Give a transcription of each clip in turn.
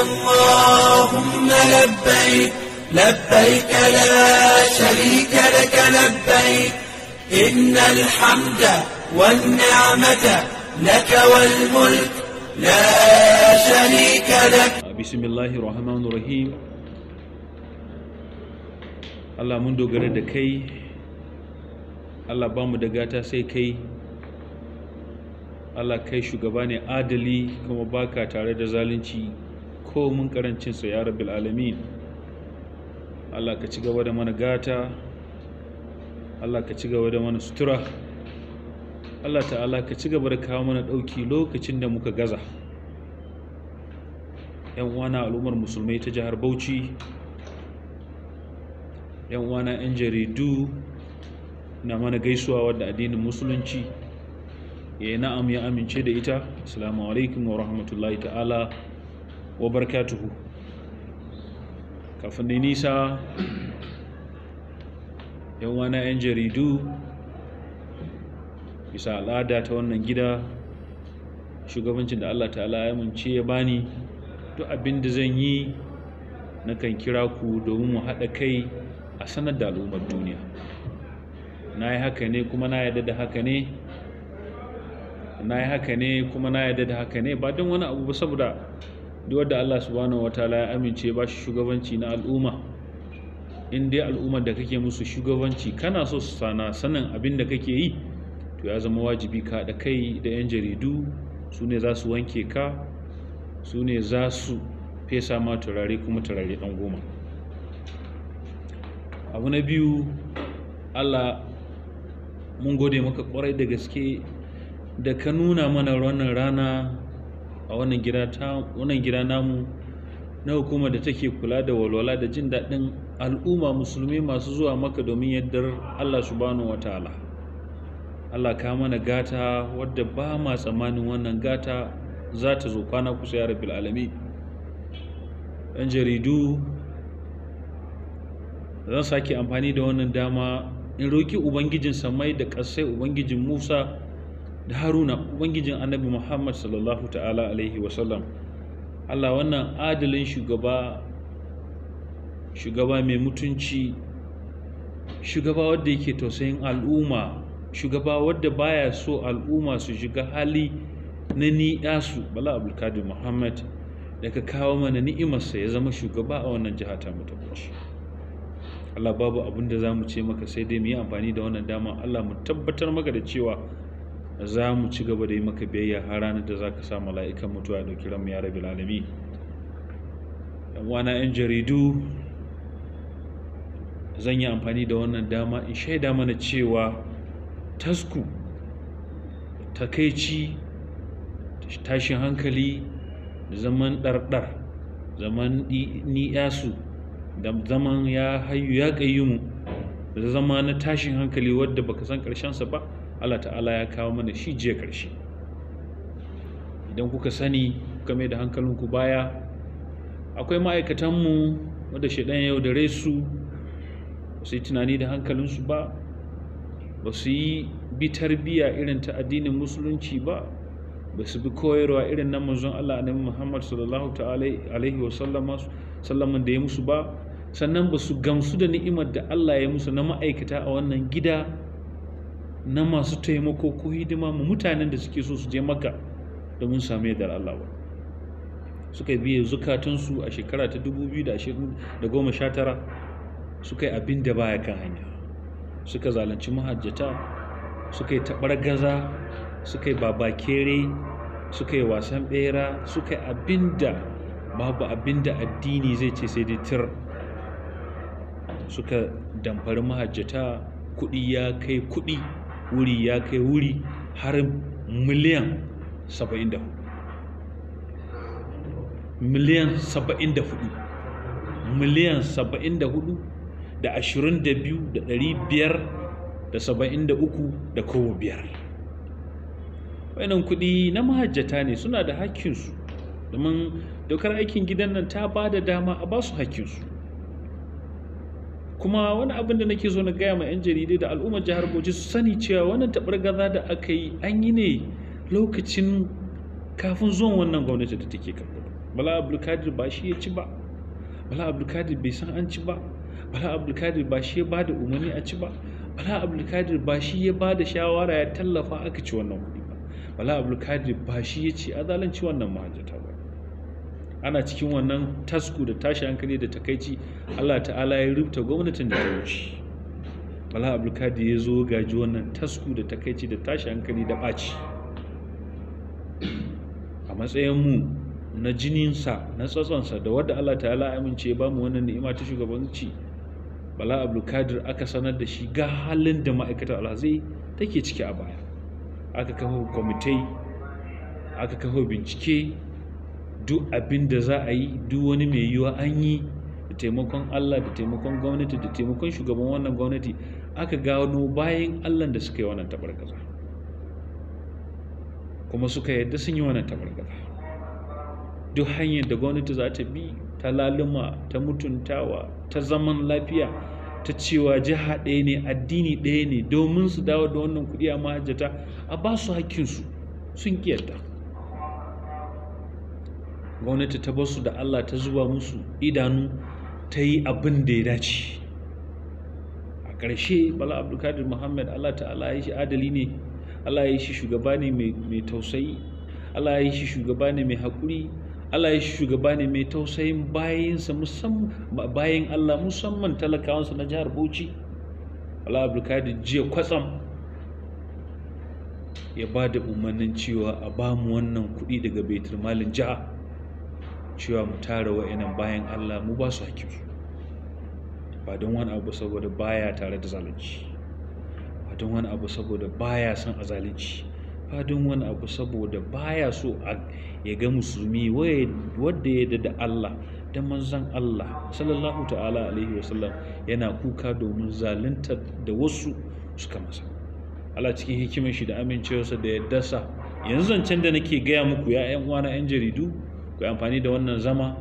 اللهم لبيك لبيك لا شريك لك لبيك إن الحمد والنعمة لك والملك لا شريك لك بسم الله الرحمن الرحيم الله منذ غرد كي الله بام دغاتا سي كي الله كي شغباني عادلي كما باكا تاريد زالنشي mun karancin su ya rabbil alamin Allah ka ci gaba da mana gata Allah ka ci gaba da mana sutura Allah ta'ala ka ci gaba da kawo mana ɗauki lokacin da muka gaza yan uwana al'ummar musulmai ta jihar Bauchi yan uwana yan jaridu na mana gaisuwa wadda addinin musulunci ya na'am ya amince da ita assalamu alaikum wa rahmatullahi ta'ala wa barkatuhu kafin da nisa yan wana yan jaridu bisa al'ada ta wannan gida shugabancin da Allah ta'ala ya munce ya bani duk abin da zan yi nakan kira ku domin mu haɗa kai a sanar da al'ummar duniya na yi haka ne kuma na yarda da haka ne na yi haka ne kuma na yarda da haka ne ba don wani abu ba saboda duk wanda Allah subhanahu wataala ya amince ba shi shugabanci na al'umma in dai al'ummar da kake musu shugabanci kana so su sana sanin abin da kake yi to ya zama wajibi ka da kai da 'yan jaridu su ne za su wanke ka su ne za su fesa ma turare kuma turare dan goma abu na biyu allah mun gode maka kwarai da gaske da ka nuna mana wannan rana a wannan gida ta wannan gida namu na hukumar da take kula da walwala da jin daɗin al'umma musulmi masu zuwa maka domin yaddar Allah subhanahu wataala Allah ka mana gata wadda ba ma tsammanin wannan gata za ta zo kwana kusa ya rabbil alami ɗan jaridu zan sake amfani da wannan dama in roki ubangijin samai da ƙasai ubangijin musa da haruna ubangijin annabi muhammad sallallahu ta'ala alaihi wasallam allah wannan adalin shugaba shugaba mai mutunci shugaba wadda yake tausayin al'umma shugaba wadda baya so al'umma su shiga hali na ni'yasu bala abdulkadir muhammad da ka kawo mana ni'imarsa ya zama shugaba a wannan jiha ta mutabbaci allah babu abin da za mu ce maka sai dai mu yi amfani da wannan dama allah mu tabbatar maka da cewa za mu ci gaba da yi maka biyayya har ranar da za ka sa mala'ikan mutuwa ya ɗauki ranmu ya rabi lalami wana 'yan jaridu zan yi amfani da wannan dama in shaida mana cewa tasku takaici tashin hankali zaman ɗarɗar zaman ni'yasu da zaman ya hayu ya ƙayyumu da zama na tashin hankali wadda baka san ƙarshensa ba Allah ta'ala ya kawo mana shi jiya ƙarshe idan kuka sani kuka mai da hankalinku baya akwai ma'aikatanmu wadda shaidan yau da su ba su yi tunani da hankalinsu ba ba su yi bi tarbiyya irin ta addinin musulunci ba ba su bi koyarwa irin na manzon Allah annabi Muhammad sallallahu alaihi wa da ya musu ba sannan ba su gamsu da ni'imar da Allah ya musu na ma'aikata a wannan gida na masu taimako ko hidima mu mutanen da suke so su je maka domin sami yadda Allah ba suka biye zukatunsu a shekara ta 2019 suka yi abin da baya kan hanya suka zalunci mahajjata suka yi taɓar gaza suka yi kere suka yi wasan ɓera suka yi abin da babu abin da addini zai ce sai dai tir suka damfari mahajjata kuɗi ya kai kuɗi wuri ya kai wuri har miliyan 74 miliyan 74 miliyan 74 da 22 da ashirin da biyu da kowa biyar wayannan kuɗi na mahajjata ne suna da hakkinsu domin dokar aikin gidan nan ta ba da dama a ba su hakkinsu kuma wani abin da nake so na gaya ma 'yan jaridai da al'ummar jihar bauchi su sani cewa wannan gaza da aka yi an yi ne lokacin kafin zuwan wannan gwamnati da take kafa bala abdulkadir ba shi ya ci ba bala abdulkadir bai san an ci ba bala abdulkadir ba shi ya ba da umarni a ci ba bala abdulkadir ba shi ya ba da shawara ya tallafa aka ci wannan kuɗi ba bala abdulkadir ba shi ya ce a zalunci wannan mahajjata ba ana cikin wannan tasku da tashi hankali da takaici Allah ta'ala ya rubuta gwamnatin da ta wuce Bala Abdulkadir ya zo gaji wannan tasku da takaici da tashi hankali da ɓaci a matsayin mu na sa na tsatsonsa da wadda Allah ta'ala ya amince ba mu wannan ni'ima ta shugabanci Bala Abdulkadir aka sanar da shi ga halin da ma'aikatar alhazai take ciki a baya aka kafa kwamitai aka kafa bincike duk abin da za a yi duk wani mai yiwuwa an yi da taimakon Allah da taimakon gwamnati da taimakon shugaban wannan gwamnati aka gano bayan Allah da suka yi wannan tabargaza kuma suka yadda sun yi wannan tabargaza duk hanyar da gwamnati za ta bi ta laluma ta mutuntawa ta zaman lafiya ta cewa jiha ɗaya ne addini ɗaya ne domin su dawo da wannan kuɗi a mahajjata a ba su hakkinsu sun ƙiyarta gwamnati ta basu da Allah ta zuba musu idanu ta yi abin da ya dace a ƙarshe bala abdulkadir muhammad Allah ta'ala ya shi adali ne Allah ya shi shugaba ne mai tausayi Allah ya shi shugaba ne mai haƙuri Allah ya shi shugaba ne mai tausayin bayansa musamman bayan Allah musamman talakawansa na jihar Bauchi Allah abdulkadir jiya kwatsam ya ba da umarnin cewa a ba mu wannan kuɗi daga baitulmalin malin jiha cewa mu tara wa'annan bayan Allah mu ba su hakinsu ba don wani abu saboda baya tare da zalunci ba don wani abu saboda baya son a zalunci ba don wani abu saboda baya so ya ga musulmi wadda ya da Allah da manzan Allah sallallahu ta'ala alaihi wasallam yana kuka domin zalunta da wasu suka masa Allah cikin hikimar shi da amincewarsa da ya dasa yanzu zancen da nake gaya muku ya 'yan uwana 'yan jaridu ku amfani da wannan zama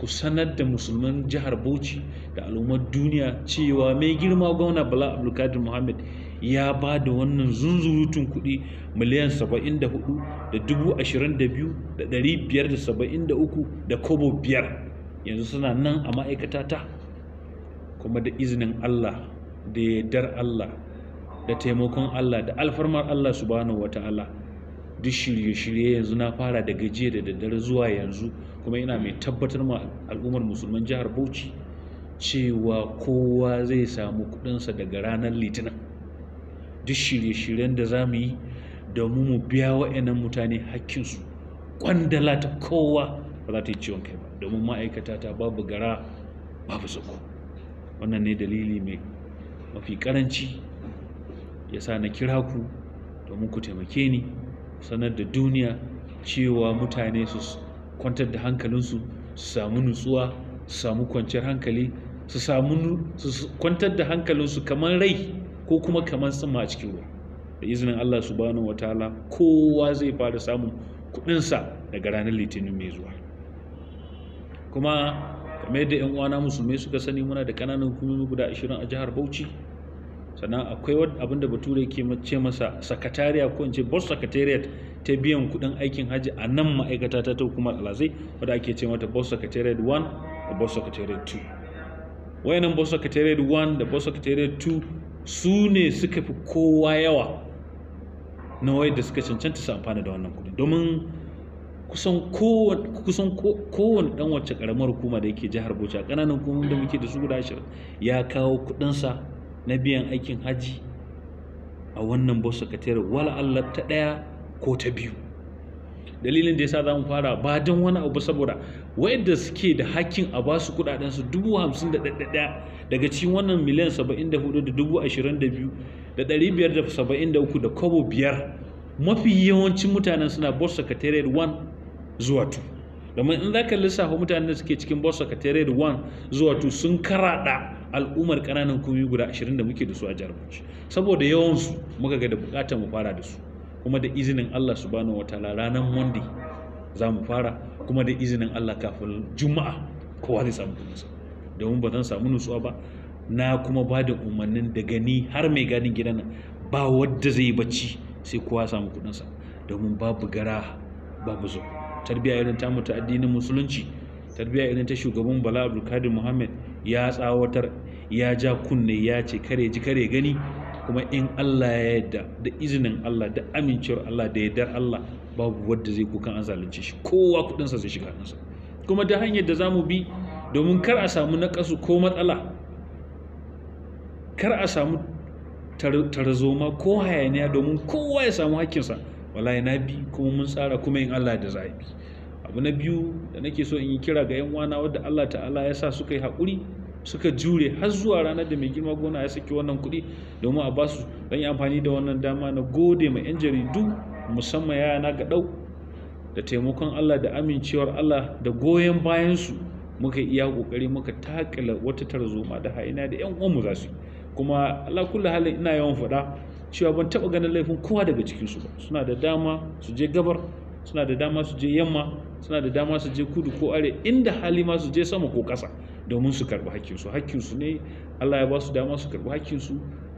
ku sanar da musulman jihar bauchi da al'ummar duniya cewa mai girma gwamna bala abdulkadir muhammad ya ba da wannan zunzurutun kuɗi miliyan 74,022,573 da kobo biyar yanzu suna nan a ma'aikata ta kuma da izinin allah da yardar allah da taimakon allah da alfarmar allah subhanahu wa ta'ala duk shirye-shirye yanzu na fara da jiya da daddare zuwa yanzu kuma ina mai tabbatar ma al'ummar musulman jihar bauchi cewa kowa zai samu kudinsa daga ranar litinin duk shirye-shiryen da za mu yi da mu biya wa'annan mutane hakkinsu kwandala ta kowa ba za ta yi ciwon kai ba domin ma'aikata ta babu gara babu tsoko wannan ne dalili mai mafi karanci ya sa na kira ku domin ku taimake ni sanar da duniya cewa mutane su kwantar da hankalinsu su samu nutsuwa su samu kwanciyar hankali su samu su kwantar da hankalinsu kamar rai ko kuma kamar sama a cikin ruwa da izinin Allah subhanahu wataala kowa zai fara samun kuɗinsa daga ranar litinin mai zuwa kuma kamar yadda 'yan uwana musulmai suka sani muna da ƙananan hukumomi guda 20 a jihar Bauchi sannan akwai abin da bature ke ce masa sakatariya ko in ce boss secretariat ta biyan kudin aikin hajji a nan ma'aikata ta ta hukumar alazai wadda ake ce mata boss secretariat 1 da boss secretariat 2 nan boss secretariat 1 da boss secretariat 2 su ne suka fi kowa yawa na wayar da suka cancanta su amfana da wannan kudi domin kusan kowane dan wacce karamar hukuma da yake jihar bauchi a kananan hukumomin da muke da su guda ashirin ya kawo kudinsa na biyan aikin hajji a wannan ka secretary wala Allah ta ɗaya ko ta biyu dalilin da ya sa za mu fara ba don wani abu saboda wadda suke da hakkin a ba su kudadensu su dubu hamsin da ɗaɗɗaɗa daga cikin wannan miliyan saba'in da hudu da dubu ashirin da biyu da ɗari biyar da saba'in da uku da kobo biyar mafi yawancin mutanen suna boss secretariat one zuwa two. domin in za ka lissafa mutanen da suke cikin bosa secretariat one zuwa two sun karaɗa al'ummar ƙananan komi guda 20 da muke da su a jihar Bauchi saboda yawansu muka ga da bukatar mu fara da su kuma da izinin Allah subhanahu wataala ranar Monday za mu fara kuma da izinin Allah kafin Juma'a kowa zai samu kuɗinsa domin ba zan samu nutsuwa ba na kuma ba da umarnin da gani har mai gadin gidan nan ba wadda zai yi bacci sai kowa samu kuɗinsa domin babu gara babu zo tarbiyya irin tamu ta addinin musulunci tarbiyya irin ta shugaban Bala Abdulkadir Muhammad ya tsawatar ya ja kunne ya ce kare ji kare gani kuma in Allah ya yadda, da izinin Allah da amincewar Allah da yardar Allah babu wadda zai kukan an zalunce shi kowa kudinsa zai shiga hannunsa kuma ta hanyar da zamu bi domin kar a samu nakasu ko matsala kar a samu tarzoma ko hayaniya domin kowa ya samu hakkinsa wallahi na bi kuma mun tsara kuma in Allah da za bi abu na biyu da nake so in yi kira ga 'yan wana wadda Allah ta'ala ya sa suka yi haƙuri suka jure har zuwa ranar da mai girma gona ya saki wannan kuɗi domin a ba su don yi amfani da wannan dama na gode ma 'yan jaridu musamman yana ga ɗau da taimakon Allah da amincewar Allah da goyon bayansu muka iya ƙoƙari muka takila wata tarzoma da haina da 'yan uwanmu za su kuma Allah kula halin ina yawan faɗa cewa ban taɓa ganin laifin kowa daga cikinsu ba suna da dama su je gabar suna da dama su je yamma suna da dama su je kudu ko are inda hali ma su je sama ko ƙasa domin su karɓi hakkinsu hakkinsu ne allah ya ba su dama su karɓi hakkinsu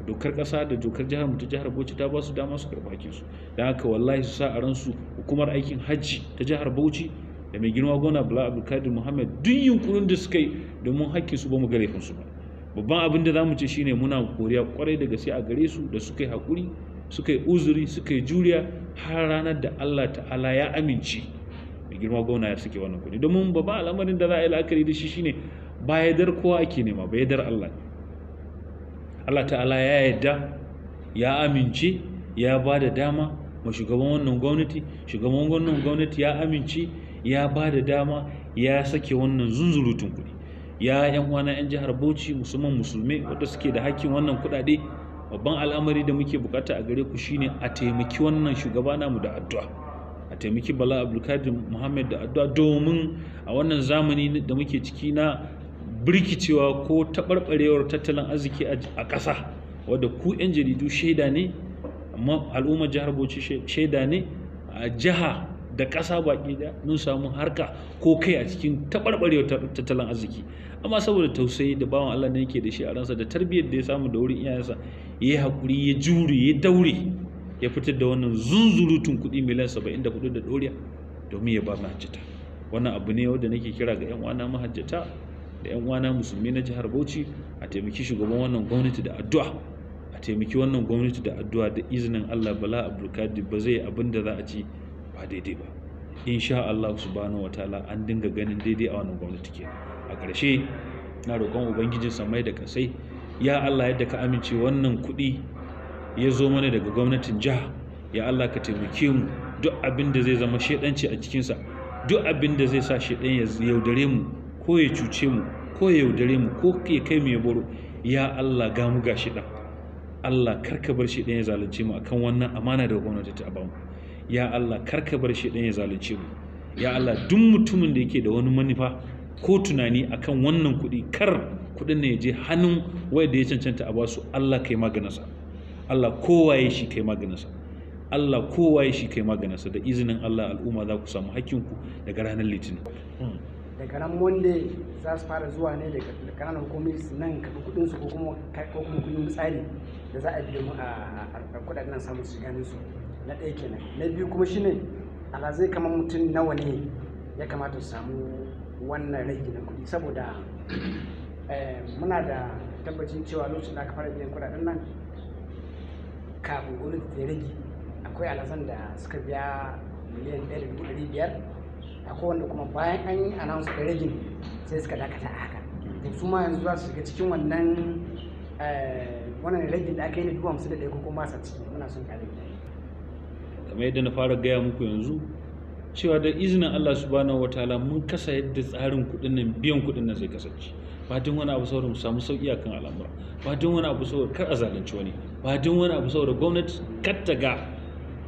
dokar ƙasa da dokar jihar mu ta jihar bauchi ta ba su dama su karɓi hakkinsu don haka wallahi su sa a su hukumar aikin hajji ta jihar bauchi da mai girma gona bala abdulkadir muhammad duk yunkurin da suka yi domin hakkinsu ba mu gare laifinsu ba babban abin da za mu ce shine muna koriya kwarai da gaske a gare su da suka yi hakuri. suka yi uzuri suka yi juriya har ranar da Allah ta'ala ya amince mai girma ya suke wannan kuɗi domin ba al'amarin da za a yi la'akari da shi shine ba yadar kowa ake nema ba yadar Allah Allah ta'ala ya yadda ya amince ya ba da dama ma shugaban wannan gwamnati shugaban wannan gwamnati ya amince ya ba da dama ya sake wannan zunzurutun kuɗi ya yan uwana yan jihar Bauchi musamman musulmai wanda suke da hakkin wannan kuɗaɗe babban al'amari da muke bukata a gare ku shine a taimaki wannan shugaba namu da addu'a a taimaki bala abdulkadir muhammad da addu'a domin a wannan zamani da muke ciki na birkicewa ko taɓarɓarewar tattalin arziki a ƙasa wadda ku 'yan jaridu shaida ne amma al'ummar jihar bauchi shaida ne a jiha da ƙasa baƙi da mun samu harka ko kai a cikin taɓarɓarewar tattalin arziki amma saboda tausayi da bawan Allah ne yake da shi a ransa da tarbiyyar da ya samu da wurin iyayensa ya yi haƙuri ya jure ya daure ya fitar da wannan zunzurutun kuɗi miliyan saba'in da kuɗi da ɗoriya domin ya ba mahajjata wannan abu ne wanda nake kira ga 'yan uwana mahajjata da 'yan uwana musulmi na jihar bauchi a taimaki shugaban wannan gwamnati da addu'a a taimaki wannan gwamnati da addu'a da izinin allah bala abdulkadir ba zai abin da za a ci ba daidai ba insha allah subhanahu wa ta'ala an dinga ganin daidai a wannan gwamnati ke a ƙarshe na roƙon ubangijin samai da kasai ya Allah yadda ka amince wannan kuɗi ya zo mana daga gwamnatin jiha ya Allah ka taimake mu duk abin da zai zama shaidanci a cikinsa duk abin da zai sa shaidan ya yaudare mu ko ya cuce mu ko ya yaudare mu ko ya kai mu ya boro ya Allah ga mu ga shaidan Allah karka bar shaidan ya zalunce mu akan wannan amana da gwamnati ta bamu ya Allah karka bar shaidan ya zalunce mu ya Allah duk mutumin da yake da wani manufa ko tunani akan wannan kuɗi kar kuɗin ne je hannun da ya cancanta a ba su Allah kai maganarsa Allah kowaye shi kai maganarsa Allah kowaye shi kai maganarsa da izinin Allah al'umma za ku samu hakkinku daga ranar litinin daga nan monday za su fara zuwa ne daga kananan su nan kafin kudin su ko kuma kuma kudin tsari da za a biyo mu a kudaden nan samun su ganin su na ɗaya kenan na biyu kuma shine ala zai kama mutum nawa ne ya kamata su samu wannan rage na kudi saboda Eh, muna da tabbacin cewa lokacin da aka fara biyan kudaden nan kafin gwamnati ta rage akwai alasan da suka biya miliyan ɗaya da dubu ɗari biyar akwai wanda kuma bayan an yi anansu da ragin sai suka dakata a haka su ma yanzu za su shiga cikin wannan eh, wannan ragin da aka yi na dubu hamsin da ɗaya ko kuma sa ciki muna son ƙarin kamar yadda na fara gaya muku yanzu cewa da izinin Allah subhanahu wataala mun kasa yadda tsarin kuɗin nan biyan kuɗin nan zai kasance ba don wani abu saboda mu samu sauki akan al'amura ba don wani abu saboda kar a zalunci wani ba don wani abu saboda gwamnati kar ta ga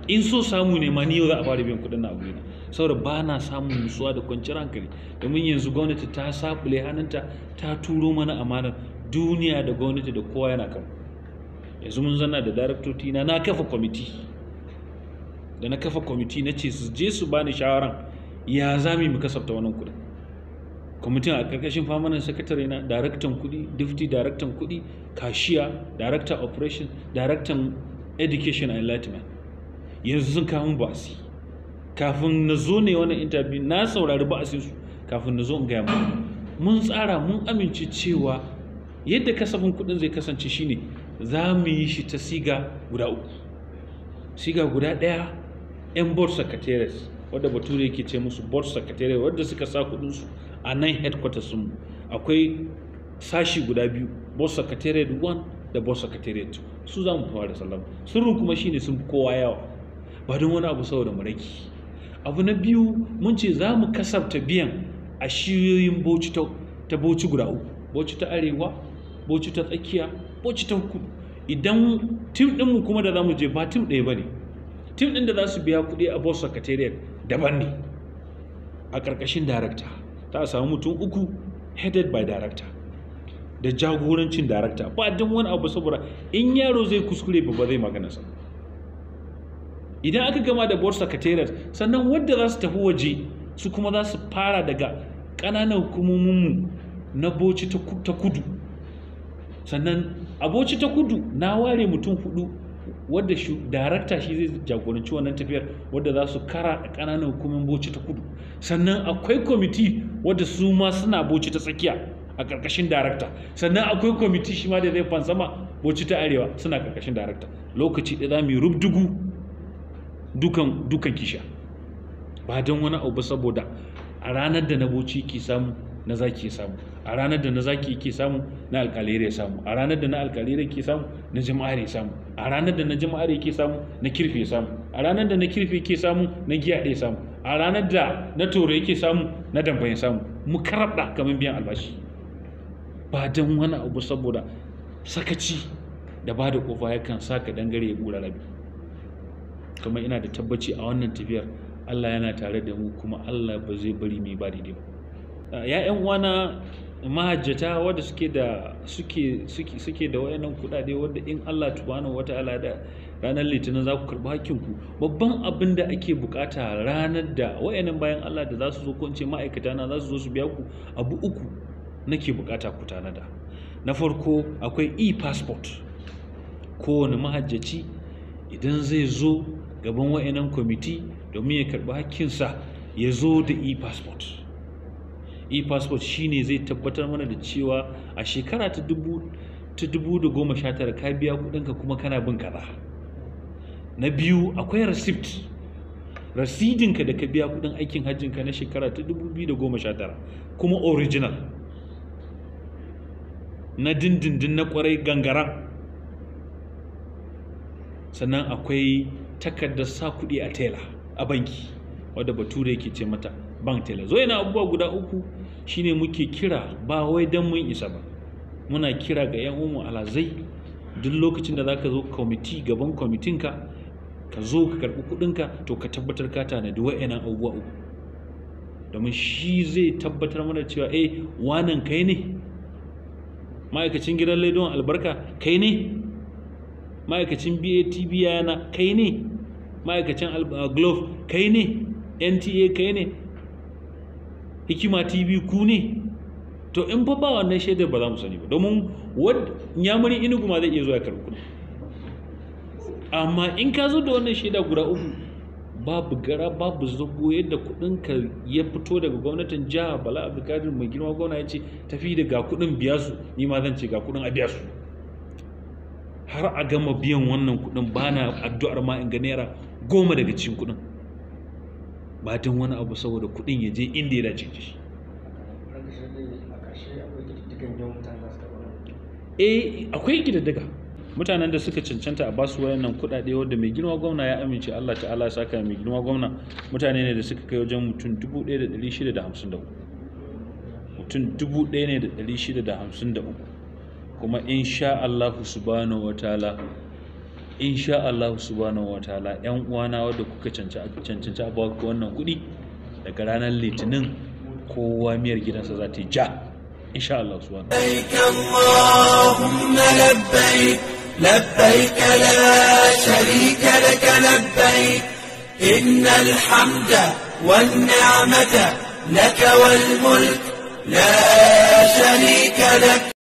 in so samu ne ma ni yau za a fara biyan kuɗin na ne saboda ba na samun nutsuwa da kwanciyar hankali domin yanzu gwamnati ta sabule hannunta ta turo mana amanar duniya da gwamnati da kowa yana kan yanzu mun zanna da daraktoci na na kafa kwamiti da na kafa kwamiti na ce su je su bani shawaran ya za mu kasafta wannan kuɗin kwamitin a ƙarƙashin famanin sakatare na daraktan kuɗi difti daraktan kuɗi kashiya daraktan operation daraktan education and enlightenment yanzu sun kamun ba'asi kafin na zo ne wani interview na saurari ba'asin su kafin na zo in gaya mu mun tsara mun amince cewa yadda kasafin kuɗin zai kasance shine za mu yi shi ta siga guda uku siga guda ɗaya 'yan board secretaries wadda bature yake ce musu board secretariat wadda suka sa su. a nan headquarters mu akwai sashi guda biyu boss secretariat 1 da boss secretariat 2 su za mu da sallama sirrin kuma shine sun fi kowa yawa ba don wani abu saboda mu raki abu na biyu mun ce za mu kasabta biyan a shiyoyin boci ta boci guda uku boci ta arewa boci ta tsakiya boci ta kudu idan tim ɗinmu kuma da za mu je ba tim ɗaya bane tim din da za su biya kuɗi a boss secretariat daban ne a ƙarƙashin darakta za samu mutum uku headed by director da jagorancin director ba don wani abu saboda in yaro zai kuskure ba zai magana sa idan aka gama da board secretariat sannan wadda za su tafi waje su kuma za su fara daga ƙananan hukumominmu na boci ta kudu sannan a boci ta kudu na ware mutum hudu wadda shi darakta shi zai jagoranci wannan tafiyar wadda za su kara a ƙananan hukumin boci ta kudu sannan akwai kwamiti wadda su ma suna boci ta tsakiya a ƙarƙashin darakta sannan akwai kwamiti shi ma da zai fansama boci ta arewa suna ƙarƙashin darakta lokaci ɗaya za mu yi rubdugu dukan dukan kisha ba don wani abu saboda a ranar da na boci ke samu na zaki ya samu a ranar da na zaki ke samu na alkalire ya samu a ranar da na alkalire ke samu na jama'ar ya samu a ranar da na jama'ar ke samu na kirfe ya samu a ranar da na kirfe ke samu na giya ya samu a ranar da na toro yake samu na damba samu mu karabda kamar biyan albashi ba don wani abu saboda sakaci da ba da kofa yakan sa ka dangare ya bura rabi kuma ina da tabbaci a wannan tafiyar Allah yana tare da mu kuma Allah ba zai bari mai ba daidai ba ya yan uwana mahajjata wanda suke da suke suke da in Allah wata ala da ranar litinin za ku karɓi hakkinku babban abin da ake bukata ranar da wayannan bayan Allah da za su zo ko ma'aikata na za su zo su biya ku abu uku nake bukata ku tanada na farko akwai e-passport kowane mahajjaci idan zai zo gaban wayannan kwamiti domin ya karɓi hakkinsa ya zo da e-passport e-passport shine zai tabbatar mana da cewa a shekara ta dubu ta tara ka biya kuɗinka kuma kana bin kaza na biyu akwai receipt rasidinka da ka biya kudin aikin hajjinka na shekara ta 2019 kuma original na dindindin na kwarai gangaran sannan akwai takardar sa kudi a tela a banki wadda bature ke ce mata bank tela zo yana abubuwa guda uku shine muke kira ba wai don mun isa ba muna kira ga 'yan umu alazai duk lokacin da za ka zo kwamiti gaban kwamitinka ka zo ka karɓi kuɗinka to ka tabbatar ka tanadi wa'annan abubuwa uku domin shi zai tabbatar mana cewa eh wanan kai ne ma'aikacin gidan laidon albarka kai ne ma'aikacin batb yana kai ne ma'aikacin uh, glove kai ne nta kai ne hikima tv ku ne to in fa ba wannan shaidar ba za mu sani ba domin yamurin inugu kuma zai iya zuwa karɓi kuɗi amma in ka zo da wannan shaida guda uku babu gara babu zago yadda kuɗin ka ya fito daga gwamnatin jihar bala abdulkadir mai girma gwamna ya ce tafi da ga kuɗin biya su ni ma zan ce ga kudin a biya su har a gama biyan wannan kuɗin ba na addu'ar ma in ga naira goma daga cikin kuɗin ba don wani abu saboda kuɗin ya je inda ya dace shi eh akwai gidaddaka mutanen da suka cancanta a basu wayannan kuɗaɗe wanda mai girma gwamna ya amince Allah ta'ala ya saka mai girma gwamna mutane ne da suka kai wajen mutum 1653 mutum 1653 kuma sha Allah subhanahu in sha Allah subhanahu wataala yan uwana wanda kuka cancanci a baku wannan kuɗi daga ranar litinin kowa miyar gidansa za ta yi ja insha Allah subhanahu wataala لبيك لا شريك لك لبيك إن الحمد والنعمة لك والملك لا شريك لك